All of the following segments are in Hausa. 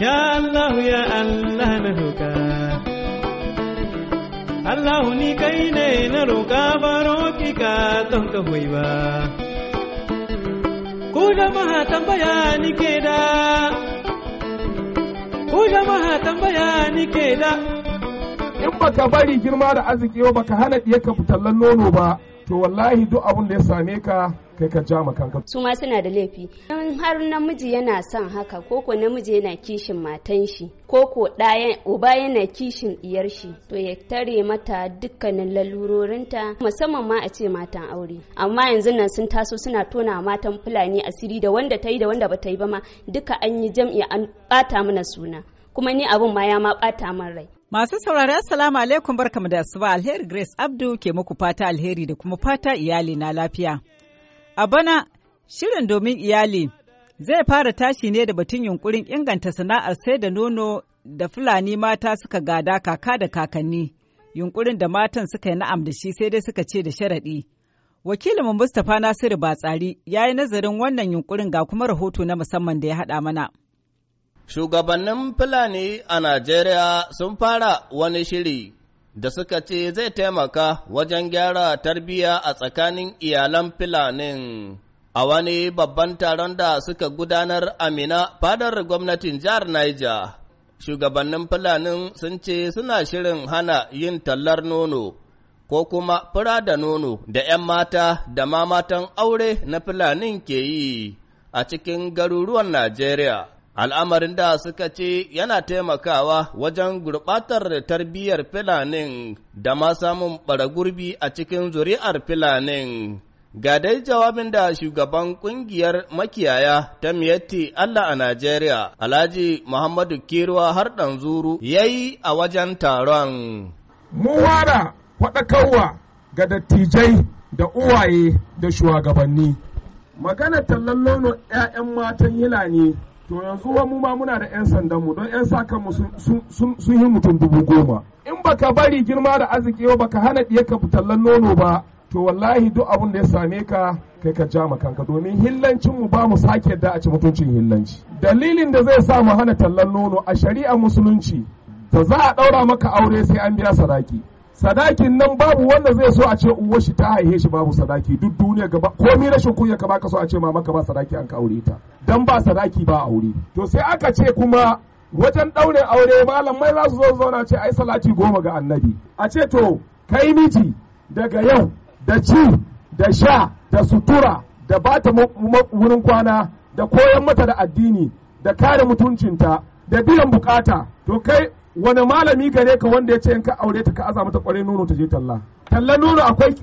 Ya Allah ya Allah na roƙa Allah ni kai ne na roƙa baro ki ka don ka hoyi ba Ku jama'a tambaya ni ke da Ku jama'a tambaya ni ke da In baka bari girma da arziki ba baka hana ɗiyarka fitallan nono ba to wallahi duk abin da ya same ka kai ka ja ma kanka su ma suna da laifi in har namiji yana son haka koko namiji yana kishin matan shi koko ɗaya uba yana kishin diyar shi to ya tare mata dukkanin lalurorinta musamman ma a ce matan aure amma yanzu nan sun taso suna tona matan fulani asiri da wanda tayi da wanda ba ta yi ba ma duka an yi jam'i an bata mana suna kuma ni abun ma ya ma bata man rai Masu saurari Assalamu alaikum barkamu da asuba alheri Grace Abdu ke muku fata alheri da kuma fata iyali na lafiya. A bana, shirin domin iyali zai fara tashi ne da batun yunkurin inganta sana'ar sai da nono da Fulani mata suka gada kaka da kakanni, yunkurin da matan suka yi na'am da shi sai dai suka ce da sharaɗi. Wakilinmu Mustapha Nasiru Batsari ya yi nazarin wannan yunkurin ga kuma rahoto na musamman da ya haɗa mana. Shugabannin Fulani a Najeriya sun fara wani shiri da suka ce zai taimaka wajen gyara tarbiyya a tsakanin iyalan filanin. A wani babban taron da suka gudanar Amina fadar gwamnatin jihar Niger, shugabannin filanin sun ce suna shirin hana yin tallar nono ko kuma fura da nono da ‘yan mata da ma matan aure na filanin ke yi a cikin garuruwan Najeriya. al'amarin da suka ce yana taimakawa wajen gurɓatar tarbiyyar filanin da ma samun ɓaragurbi a cikin zuri'ar filanin. Ga dai jawabin da shugaban ƙungiyar makiyaya ta miyatti Allah a Najeriya, Alhaji Muhammadu Kirwa har ɗan zuru ya yi a wajen taron. Mun wara faɗakarwa ga dattijai da uwaye da shugabanni. Magana tallan nono ‘ya'yan matan yila ne. to yanzu mu ma muna da 'yan sandan mu don 'yan sa sun yi mutum dubu goma in baka bari girma da arziki ba baka hana ɗiya ka tallan nono ba to wallahi duk abin da ya same ka kai ka ja kanka domin hillancin ba mu sake da a ci mutuncin hillanci dalilin da zai sa mu hana tallan nono a shari'ar musulunci da za a ɗaura maka aure sai an biya saraki. sadakin nan babu wanda zai so a ce uwa shi ta haihe shi babu sadaki duk duniya gaba komai rashin kunya ka baka so a ce mama ka ba sadaki an ka aure ta dan ba sadaki ba aure to sai aka ce kuma wajen ɗaure aure malamai za su zo zauna ce ai salati goma ga annabi a ce to kai miji daga yau da ci da sha da sutura da ba ta wurin kwana da koyan mata da addini da kare mutuncinta da biyan bukata to kai wani malami gare ka wanda ya ce in ka aure ta ka aza mata kwarai nono ta je talla talla nono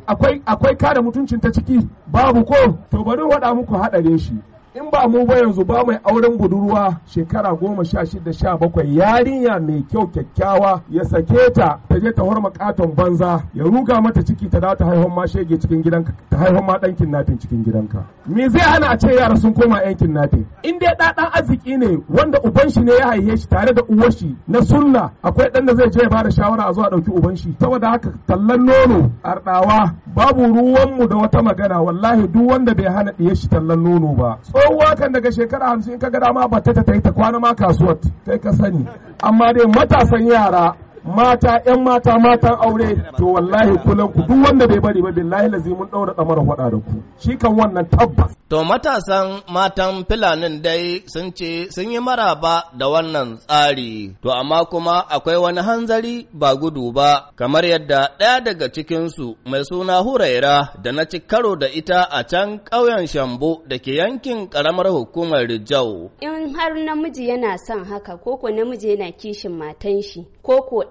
akwai akwai kada mutuncin ta ciki babu ko to bari waɗa muku haɗarin shi in ba mu ba yanzu ba mai auren budurwa shekara goma sha shida sha bakwai yarinya mai kyau kyakkyawa ya sake ta ta je ta horma katon banza ya ruga mata ciki ta da ta haihuwan ma shege cikin gidanka ta haihuwan ma dan kidnapping cikin gidanka me zai hana a ce yara sun koma yan kidnapping in dai da ɗan arziki ne wanda uban shi ne ya haihe shi tare da uwar shi na sunna akwai ɗan da zai je ya da shawara a zo a ɗauki uban shi saboda haka tallan nono Arɗawa, babu ruwanmu da wata magana wallahi duk wanda bai hana ɗiye shi tallan nono ba ɗan wakan daga shekara hamsin ka ga dama ba ta ta ta kwana ma kasuwar kai ka sani amma dai matasan yara mata yan mata matan aure to wallahi kulan ku duk wanda bai bari ba billahi lazi mun daura damar hwada da ku shi kan wannan tabbas to matasan matan filanin dai sun ce sun yi maraba da wannan tsari to amma kuma akwai wani hanzari ba gudu ba kamar yadda ɗaya daga cikin su mai suna huraira da na ci karo da ita a can ƙauyen shambo da ke yankin karamar hukumar rijau in har namiji yana son haka koko namiji yana kishin matan shi koko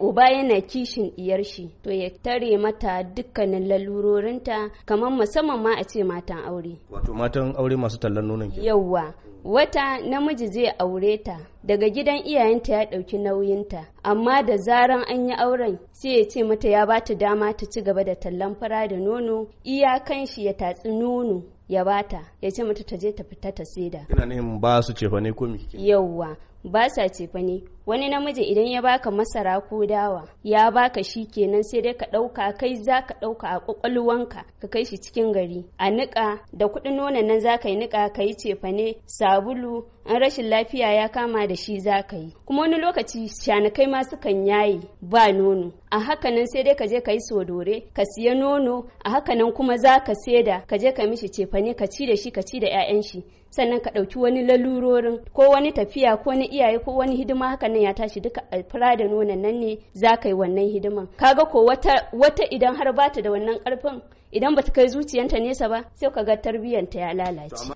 uba yana kishin diyar shi to ya tare mata dukkanin lalurorinta kamar musamman ma a ce matan aure wato matan aure masu tallan nonon ke yawwa wata namiji zai aure ta daga gidan iyayenta ya ɗauki nauyinta amma da zaran an yi auren sai ya ce mata ya bata dama ta ci gaba da tallan fara da nono iyakan shi ya tatsi nono ya bata ya ce mata ta je ta fita ta saida ina nihin ba su cefa ne ko yawwa ba sa cefa wani namiji idan ya baka masara ko dawa ya baka shi kenan sai dai ka ɗauka kai za ka ɗauka a ƙwaƙwalwanka ka kai shi cikin gari a niƙa da kuɗin nonon nan za ka yi niƙa ka yi cefane sabulu an rashin lafiya ya kama da shi za ka yi kuma wani lokaci shanakai ma sukan yayi ba nono a hakanan sai dai ka je ka yi sodore ka siya nono a hakanan kuma za ka saida ka je ka mishi cefane ka ci da shi ka ci da 'ya'yan shi sannan ka ɗauki wani lalurorin ko wani tafiya ko wani iyaye ko wani hidima haka nan ya tashi duka fura da nonon nan ne za ka yi wannan hidiman kaga ko wata idan har ba ta da wannan karfin idan ba ta kai zuciyanta nesa ba sai ka ga tarbiyyanta ya lalace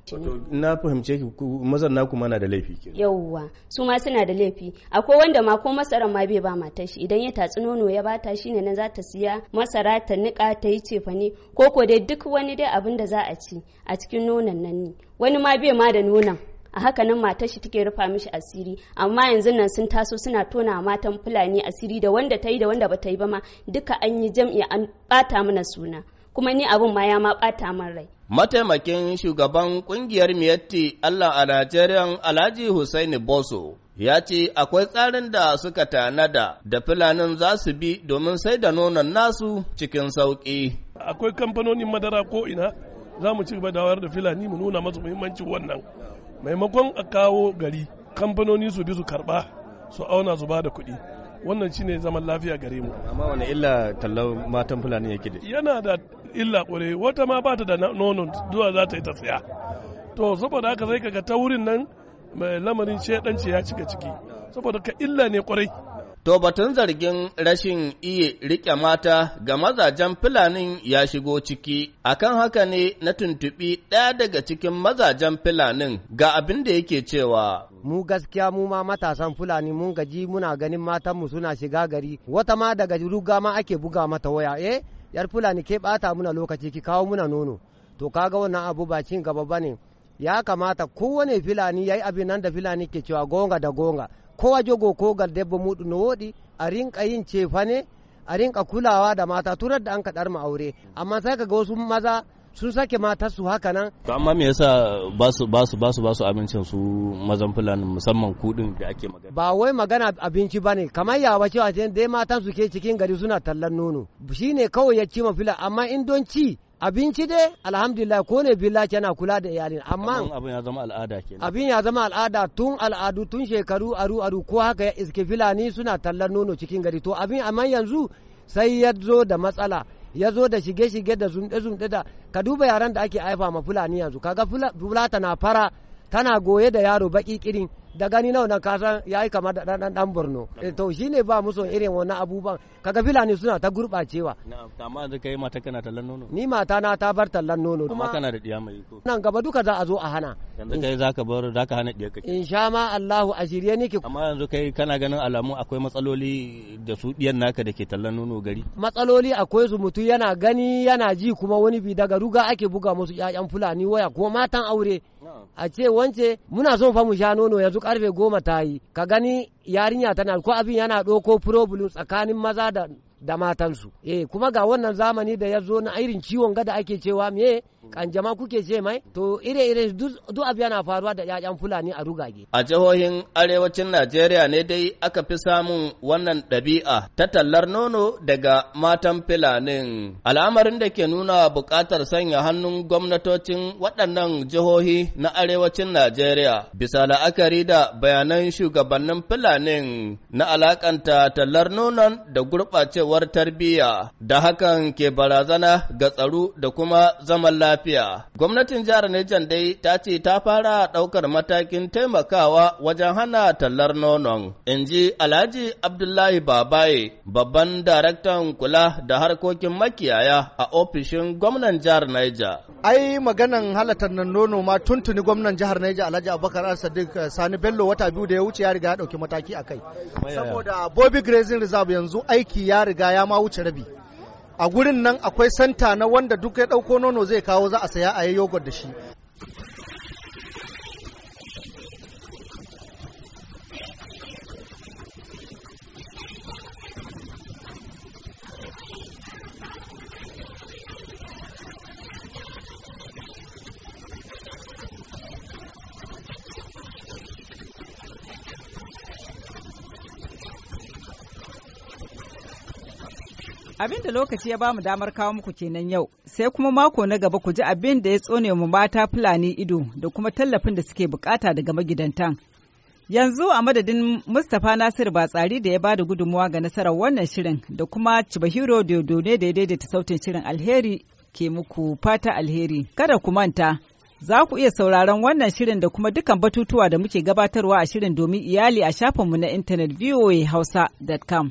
na fahimce ki mazan naku kuma na da laifi ke yawwa su ma suna da laifi akwai wanda ma ko masara ma bai ba mata shi idan ya tatsi nono ya bata shi ne nan za ta siya masara ta nika ta yi cefane ko ko dai duk wani dai abin da za a ci a cikin nonon nan ne wani ma bai ma da nonon a haka nan matar shi take rufa mishi asiri amma yanzu nan sun taso suna tona matan fulani asiri da wanda ta yi da wanda bata yi ba ma duka an yi jam'i an bata mana suna kuma ni abin ma ya ma bata man rai mataimakin shugaban kungiyar miyatti Allah a Najeriya Alhaji Hussaini Boso ya ce akwai tsarin da suka tanada da filanin za su bi domin sai da nonon nasu cikin sauki. Akwai kamfanonin madara ko ina za mu ci gaba da wayar da filani mu nuna masu muhimmancin wannan. maimakon a kawo gari kamfanoni su bi su karba su auna zuba da kuɗi wannan shine zaman lafiya gare mu amma wani illa tallan matan fulani yake da yana da illa kure wata ma bata da nonon zuwa za ta yi ta tsaya to saboda haka sai kaga ta wurin nan mai lamarin shedanci ya cika ciki saboda ka illa ne ƙwarai To batun zargin rashin iya riƙe mata ga mazajen fulanin ya shigo ciki, akan haka ne na tuntuɓi ɗaya daga cikin mazajen fulanin ga abin da yake cewa. Mu gaskiya mu ma matasan fulani mun gaji muna ganin matanmu suna shiga gari, wata ma daga ruga ma ake buga mata waya, eh, yar fulani ke ɓata muna lokaci ki kawo muna nono. To kaga wannan abu ba cin gaba bane. Ya kamata kowane filani yi abin nan da fulani ke cewa gonga da gonga. kowa jogo kogal debbo muɗum no woɗi a rinka yin cefane a rinka kulawa da mata turar da an ka ɗarma aure amma sai ka ga wasu maza sun sake mata su haka nan. To amma me yasa ba su ba su ba su ba su abincin su mazan fulani musamman kudin da ake magana. Ba wai magana abinci ba ne kamar yawa cewa dai matan su ke cikin gari suna tallan nono shine kawai ya ci ma fila amma in don ci abinci dai alhamdulillah ko ne billa yana kula da iyalin amma abin ya zama al'ada ke abin ya zama al'ada tun al'adu tun shekaru aru aru ko haka ya iske filani suna tallar nono cikin gari to abin amma yanzu sai ya zo da matsala ya zo da shige shige da zumde-zumde da ka duba yaran da ake haifa ma fulani yanzu kaga fulata na fara tana goye da yaro baki kirin da gani na wannan kasan ya yi kamar da ɗan borno eh, to shi ne ba musu irin wannan abubuwan kaga filani suna ta gurɓacewa amma da kai mata kana tallan nono ni mata na ta bar tallan nono kuma kana da diya mai ko nan gaba duka za a zo a hana yanzu kai zaka bar zaka hana diya kake insha ma Allahu a shirye amma yanzu kai kana ganin alamu akwai matsaloli da su diyan naka da ke tallan nono gari matsaloli akwai su mutum yana gani yana ji kuma wani bi daga ruga ake buga musu ƴaƴan fulani waya ko matan aure a ce wance muna son fa mu sha nono yanzu karfe goma ta yi ka gani yarinya tana ko abin yana ɗauko problem tsakanin maza da da matansu eh kuma ga wannan zamani da ya zo na irin ciwon gada ake cewa me kanjama kuke ce mai to ire-ire duk abu yana faruwa da yayan fulani a rugage a jihohin arewacin Najeriya ne dai aka fi samun wannan ɗabi'a ta tallar nono daga matan filanin al'amarin da ke nuna buƙatar sanya hannun gwamnatocin waɗannan jihohi na arewacin Najeriya bisa la'akari da bayanan shugabannin filanin na alakanta tallar nonon da gurɓacewa gurɓacewar tarbiyya da hakan ke barazana ga tsaro da kuma zaman lafiya. Gwamnatin jihar Nijan dai ta ce ta fara ɗaukar matakin taimakawa wajen hana tallar nonon, in ji Alhaji Abdullahi Babaye, babban daraktan kula da harkokin makiyaya a ofishin gwamnan jihar Niger. Ai maganan halatar nan nono ma tuntuni gwamnan jihar Niger Alhaji Abubakar Sadiq eh, Sani Bello wata biyu da ya wuce ya riga ya ɗauki mataki a kai. Saboda Bobby Grazing Reserve yanzu aiki ya riga riga ya ma wuce rabi a gurin nan akwai santa na wanda duk ya ɗauko nono zai kawo za a saya a yi yogurt da shi Abin da lokaci ya bamu damar kawo muku kenan yau, sai kuma mako na gaba ku ji abin da ya tsone mu mata Fulani ido da kuma tallafin da suke bukata daga magidantan. Yanzu a madadin Mustapha Nasir Batsari da ya ba da gudunmuwa ga nasarar wannan shirin da kuma Chibahiro ne da ya daidaita sautin shirin alheri ke muku fata alheri. Kada ku manta, za ku iya sauraron wannan shirin da kuma dukkan batutuwa da muke gabatarwa a shirin domin iyali a shafinmu na intanet voahausa.com.